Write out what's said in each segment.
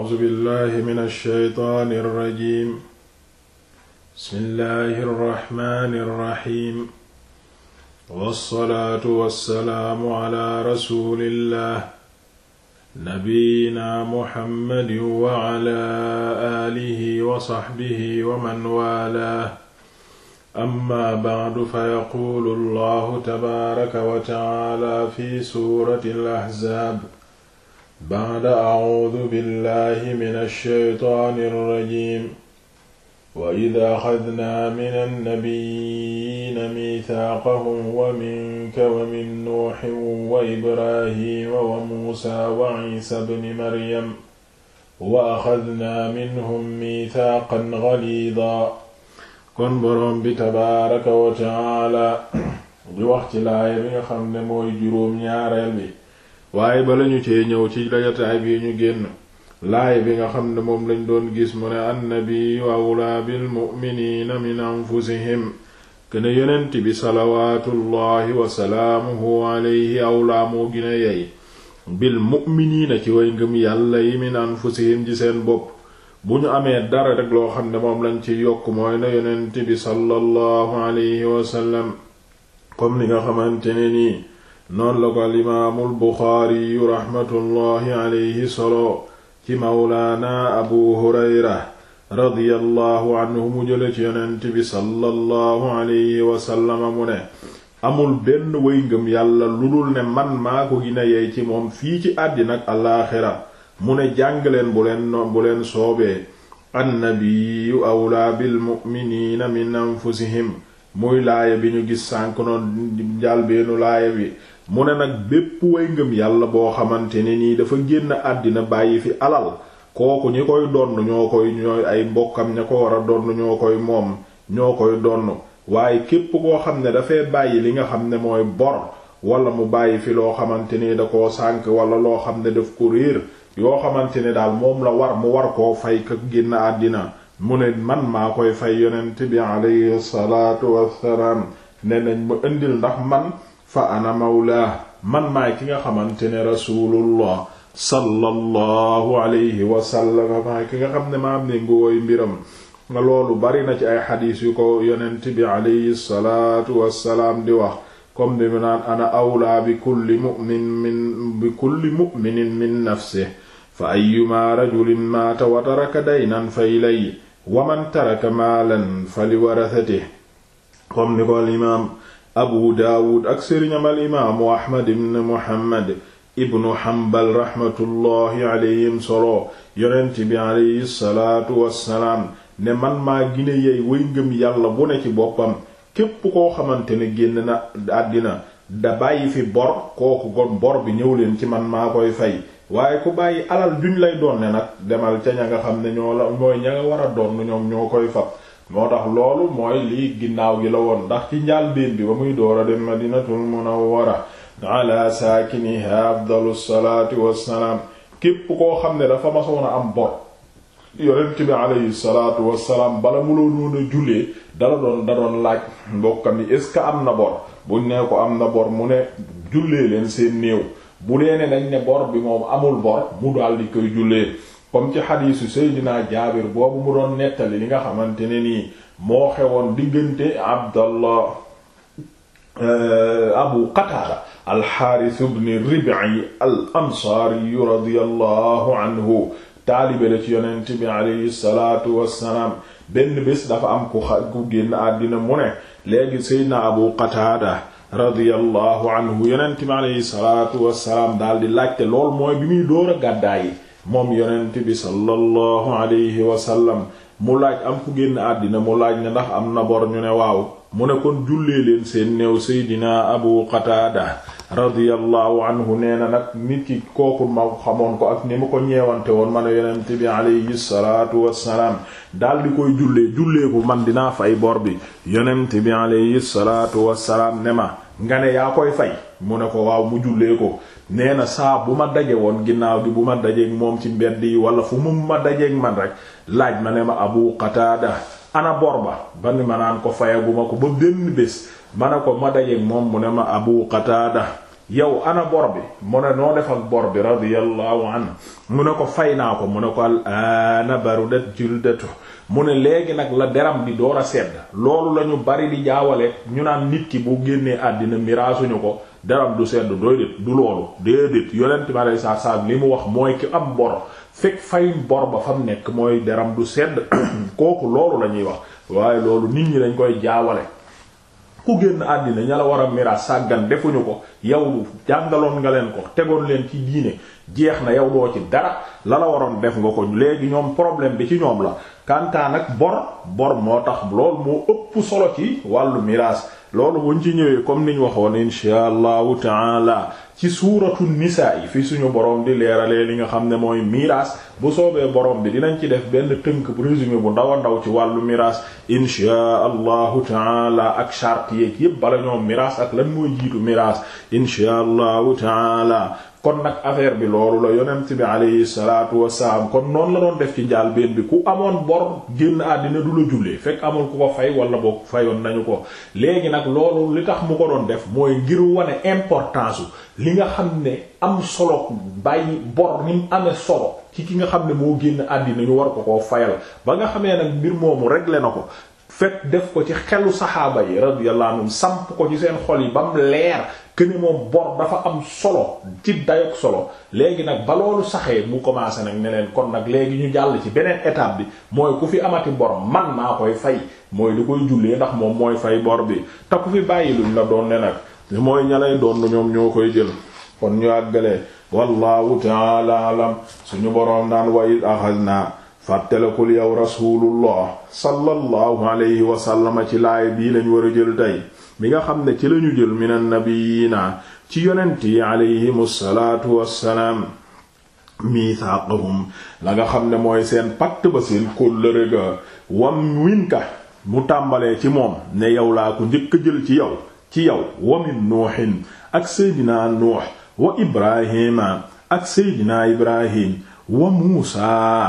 A'uuzu billahi mina shaytaani rajiim. Bismillahi rahmaani rahiim. Wassalaatu wassalaamu ala rasuulillah. Nabiyyina Muhammadin wa ala aalihi wa sahbihi wa man waalaahu. Amma ba'du fayaquulu Allahu tabaaraka wa ta'aala fi suuratil ahzaab. ba'da a'uudu billahi mina shaytaani rajiim wa id axadnaa mina nabiyyiina miisaaqahum wa minka wa min nuuhin wa ibraahiima wa muusaa wa ciisaa bni maryam wa axadnaa minhum miisaaqan ghaliidaa kon boroom bi tabaaraka wa tacaala di wax ci laaya bi nga xam ne mooy juróom ñaareel bi waaye bala ñu cee ñëw ci lajataay bi ñu génn laay bi nga xam ne moom lañ doon gis mu ne annabiyu awlaa bil mu'miniina min anfusihim kene yonent bi salawaatullahi wasalaamuhu alayhi awlaa moo gina yey bil mu'miniina ci way ngëm yàlla yi minaan anfusihim ci seen bopp bu ñu amee dara rek loo xam ne moom lañ ci yokk mooy na yonent bi sallallahu alayhi wasallam comme li nga xamante ne nii noonu la ko al imaamul buxaari yu raxmatullaahi solo ci mawlaana abu hurayra radiyallahu mu jële ci yonent bi sallallahu alayhi wasallama mu ne amul benn way yàlla lu dul ne man maa ko gina yey ci moom fii ci àddina ak alaaxira mu ne jàng leen bu leen no bu leen soobee annabiyu awlaa bil min anfusihim muy laaya bi ñu gis sànk noon jàlbeenu laaya bi mu ne nag bépp way ngëm yàlla boo xamante ni nii dafa génn àddina bàyyi fi alal kooku ñi koy donn ñoo koy ñooy ay mbokkam ña ko war a donn ñoo koy moom ñoo koy donn waaye képp koo xam ne dafay bàyyi li nga xam ne mooy bor wala mu bàyyi fi loo xamante ni da koo sànk wala loo xam ne daf ko réer yoo xamante ne daal moom la war mu war koo fay ka génn àddina mu ne man maa koy fay yonent bi alayhi salaatu wassalaam ne nañ ma indil ndax man fa ana mawlaa man maay ki nga xamante ne rasulullah sallallahu alayhi wasallam maay ki nga xam ne ma am ne ngu woy mbiram nga loolu bari na ci ay xadiis yu ko yonent bi alayhi salaatu wassalaam di wax comme bi mu naan ana awlaa bi kulli mu'min min bi kulli mu'minin min nafsihi fa ayyuma rajulin maata wa taraka daynan fa ilayhi wa man taraka maalan fa li warasatihi comme ni ko al imaam abu daawud ak sëriñam al imaamu ahmad ibn muhammad ibnu hambal raxmatullahi alayhim solo yonent bi aleyhi salaatu wassalaam ne man maa gine yey way yàlla bu ne ci boppam képp koo xamante ne génn na àddina da bàyyi fi bor kooku kon bor bi ñëw leen ci man maa koy fay waaye ku bàyyi alal juñ lay doon ne nag demal ca ña nga xam ne ñoo la mooy ña nga war a doon ñoom ñoo koy fab moo tax loolu mooy lii ginnaaw gi la woon ndax ci njàlbéen bi ba muy door a dem madinatul munawwara ala saakiniha afdalu salaati wassalaam képp koo xam ne dafa masoon a am bor yonent bi alayhi salaatu wassalaam bala mu loo noon a jullee dala doon da doon laaj mbokkam yi est ce que am na bor bu nee ko am na bor mu ne jullee leen seen néew bu dee ne dañ ne bor bi moom amul bor mu daal koy jullee comme ci xadiisu Seydina Jaabir boobu mu doon nettali li nga xamante ne ni moo xewoon diggante Abdallah euh, Abu Qataada al-Haaris ibn Rib'i al-Ansaari radiyallahu anhu taalibe la ci yonent bi alayhi salaatu wassalaam benn bés dafa am ku xa ku génn àddina mu ne léegi Seydina Abu Qataada radiyallahu anhu yonent bi alayhi salaatu wassalaam daal di laajte lool mooy bi muy door a gàddaay moom yonent bi sallallahu alayhi wa sallam mu laaj am ku génn àddina mu laaj na ndax am na bor ñu ne waaw mu ne kon jullee leen seen néew seydina abu qataada radiyallahu anhu nee na nag nit ki kooku ma xamoon ko ak ni mu ko ñeewante woon man yonent bi alayhi salaatu wassalaam daal di koy jullee jullee ko man dinaa fay bor bi yonent bi alayhi salaatu wassalaam ne ma nga ne yaa koy fay mu ne ko waaw mu jullee ko nee na saa bu ma dajee woon ginnaaw bi bu ma dajeeg moom ci mbedd yi wala fu mu ma dajeeg man rek laaj ma ne ma Abu Qataada ana bor ba ba ni ma naan ko fayaguma ko ba benn bés ma ne ko ma dajeeg moom mu ne ma Abu Qataada yow ana bor bi mu ne noo def ak bor bi radiyallahu anhu mu ne ko fay naa ko mu ne ko al aana barudat mu ne léegi nag la deram di door a sedd loolu la ñu bari di jaawale ñu naan nit ki bu génnee àddina miraasuñu ko deram du sedd doy dét du loolu déedéet yonent mi alei saatu salaam li mu wax mooy ki am bor fekk fay bor ba fam nekk mooy deram du sedd kooku loolu la ñuy wax waaye loolu nit ñi lañ koy jaawale ku génn àddina ña la war a miraas sàggan defuñu ko yow jàngaloon nga leen ko tegoon leen ci diine jeex na yow doo ci dara la la waroon def nga ko léegi ñoom problème bi ci ñoom la kantaan nag bor bor moo tax loolu moo ëpp solo ci wàllu miraas loolu buñ ci ñëwee comme niñ waxoon insha allahu taala ci suuratu nisaa yi fi suñu borom di leeralee li nga xam ne mooy miraas bu soobee borom bi dinañ ci def benn tënk bu résumé bu ndaw a ndaw ci wàllu miraas inchaa allahu taala ak charte yeeg yépp bala ñoom miraas ak lan mooy jiitu miraas inchaa allahu taala kon nag affaire bi loolu la yonent bi alayhi salaatu wasalaam kon noonu la doon def ci njaal benn bi ku amoon bor génn àddina du la jullee fekk amul ku ko fay wala boo fayoon nañu ko léegi nag loolu li tax mu ko doon def mooy ngir wane importance li nga xam ne am solo bàyyi bor ni mu amee solo ci ki nga xam ne moo génn àddina ñu war ko koo fayal ba nga xamee nag mbir moomu réglé na ko fekk def ko ci xelu saxaaba yi radiyallahu anhum samp ko ci seen xol yi ba mu këne moom bor dafa am solo ci dayok solo léegi nag ba loolu saxee mu commencé nag ne leen kon nag léegi ñu jàll ci beneen étape bi mooy ku fi amati bor man maa koy fay mooy li koy jullee ndax moom mooy fay bor bi te ku fi bàyyi luñ la doon ne nag mooy ña lay doon ñoom ñoo koy jël kon ñu àggalee wallahu taala alam suñu boroom naan wa id axadna kul yow rasulullah sallallahu alayhi wa sallam ci laay bii lañ war a jël tey mi nga xam ne ci lañu jël minan nabiyina ci yonent yi aleyhimu salaatu wassalaam miisaaqahum la nga xam ne mooy seen pacte ba seen kóllëre ga wam winka mu tàmbalee ci moom ne yow njëkk a jël ci yow ci yow wamin nuuxin ak seydinaa nuux wa ibrahima ak seydinaa ibrahim wa muusaa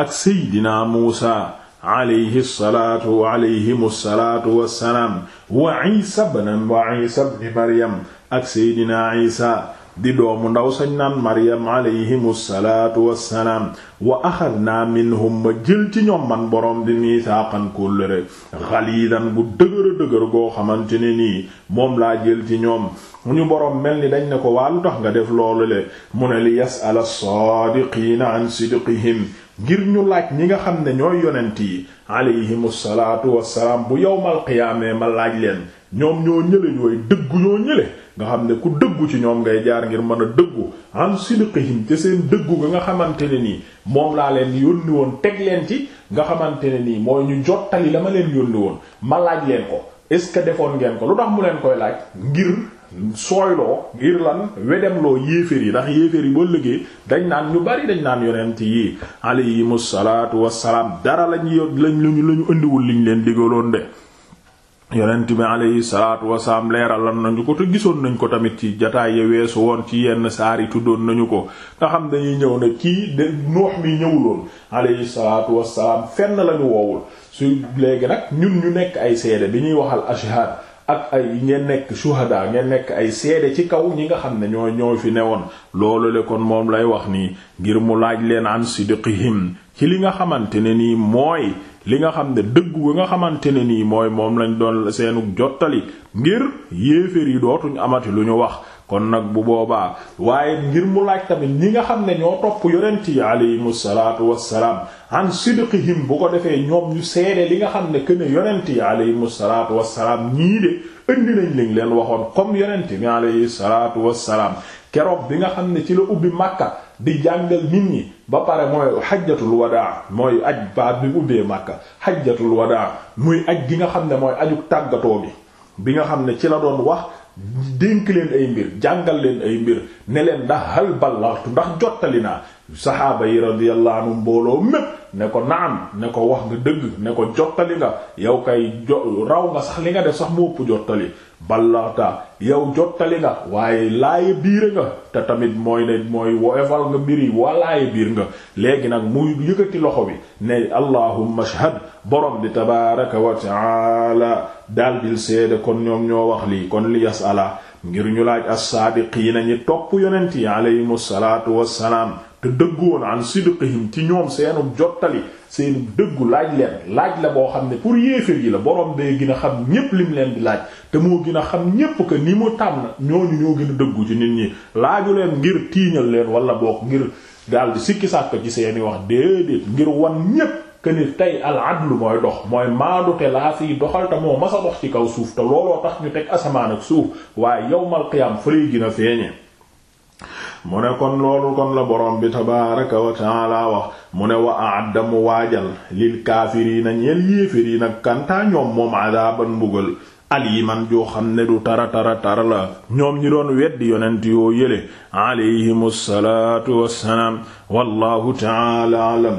ak seydinaa muusaa alayhi salaatu alayhimu salaatu wassalaam wa isa bnam wa isa bni maryam ak seydina isa di doomu ndaw sañ naan maryam alayhimu salaatu wassalaam wa axadnaa minhum ma jël ci ñoom man borom di miisaaqan kóllëre xaliidan gu dëgër dëgër goo xamante ne nii moom laa jël ci ñoom mu ñu boroom mel ni dañ ne ko waa lu tax nga def loolu le mu ne li yas'ala saadiqiina an sidqihim ngir ñu laaj ñi nga xam ne ñooy yonent yi alayhimu salaatu wassalaam bu yowmal qiyaamee ma laaj leen ñoom ñoo ñële yooyu dëggu ñoo ñële nga xam ne ku dëggu ci ñoom ngay jaar ngir mën a dëggu an sidqihim te seen dëggu ga nga xamante ne nii moom laa leen yónni woon teg leen ci nga xamante ne nii mooy ñu jottali la ma leen yónni woon ma laaj leen ko est ce que defoon ngeen ko lu tax mu leen koy laaj ngir sooyloo ngir lan wedemloo yéeféer yi ndax yéeféer yi boo lëgee dañ naan ñu bari dañ naan yonent yi alayhimu salaatu wassalaam dara yo lañ lañu lañu indiwul liñ leen digaloon de yonent bi alayhi salaatu wasalaam leeral lan nañu ko te gisoon nañ ko tamit ci jataay ya weesu woon ci yenn saar yi tuddoon nañu ko nga xam dañuy ñëw ne kii de noox mi ñëwuloon alayhi salaatu wasalaam fenn lañu woowul su léegi nag ñun ñu nekk ay seede bi ñuy waxal ashhad ak ay ngeen nekk shuhada ngeen nekk ay seede ci kaw ñi nga xam ne ñoo ñoo fi newoon loolu le kon moom lay wax ni ngir mu laaj leen an sidqihim ci li nga xamante ne nii mooy li nga xam ne dëggu nga xamante ne nii mooy moom lañ doon seenug jottali ngir yéeféer yi dootuñ amati lu ñu wax kon nag bu boobaa waaye ngir mu laaj tamit ñi nga xam ne ñoo topp yonent yi aleyhim salaatu wassalaam an sidqihim bu ko defee ñoom ñu seede li nga xam ne que ne yonent yi aleyhim salaatu salaam ñii de indi nañ leen waxoon comme yonent bi aleyhi salaatu wassalaam keroog bi nga xam ne ci la ubbi màkka di jàngal nit ñi ba pare mooy xajatul wa wadaa mooy aj ba bi ubbee Makka xajjatul wadaa muy aj gi nga xam ne mooy ajug tàggatoo bi bi nga xam ne ci la doon wax dénk leen ay mbir jàngal leen ay mbir ne leen ndax hal ballaxtu ndax jottali naa saxaaba yi radiyallahu mbooloo mépp ne ko naam ne ko wax nga dëgg ne ko jottali nga yow kay jo raw nga sax li nga def sax mu ëpp jottali ballaxta yow jottali nga waaye laaye biire nga te tamit mooy ne mooy woyofal nga mbir yi waa laaye biir nga léegi nag muy yëkkati loxo bi ne allahumma ashhad borom bi tabaaraka wa ta'ala daal dil seede kon ñoom ñoo wax lii kon li yasala ngir ñu laaj as-saabiqiina ñi topp yonent yi aleyhimu salaatu wassalaam te dëggoon an sidqihim ci ñoom seenu jottali seen dëggu laaj leen laaj la boo xam ne pour yéeféer yi la boroom bee gën a xam ñépp lim leen di laaj te moo gin a xam ñépp que ni mu tànn ñooñu ñoo gën a dëggu ci nit ñi laaju leen ngir tiiñal leen wala boog ngir daal di sikki sàkk ci seeni wax déedéet ngir wan ñépp këni tey ci kaw suuf te looloo tax ñu teg asamaan ak suuf waaye yawmal qiyaam a feeñe mu ne kon loolu kon la borom bi tabaaraka wa taala wax mu ne wa aadda mu waajal lil kaafiriina ñeel yéefiriina kantaa ñoom moom adaaban mbugal aliman joo xam ne du tara tara tara la ñoom ñi doon weddi yonent yoo yële alayhimu salaatu wassalaam wallahu taala alam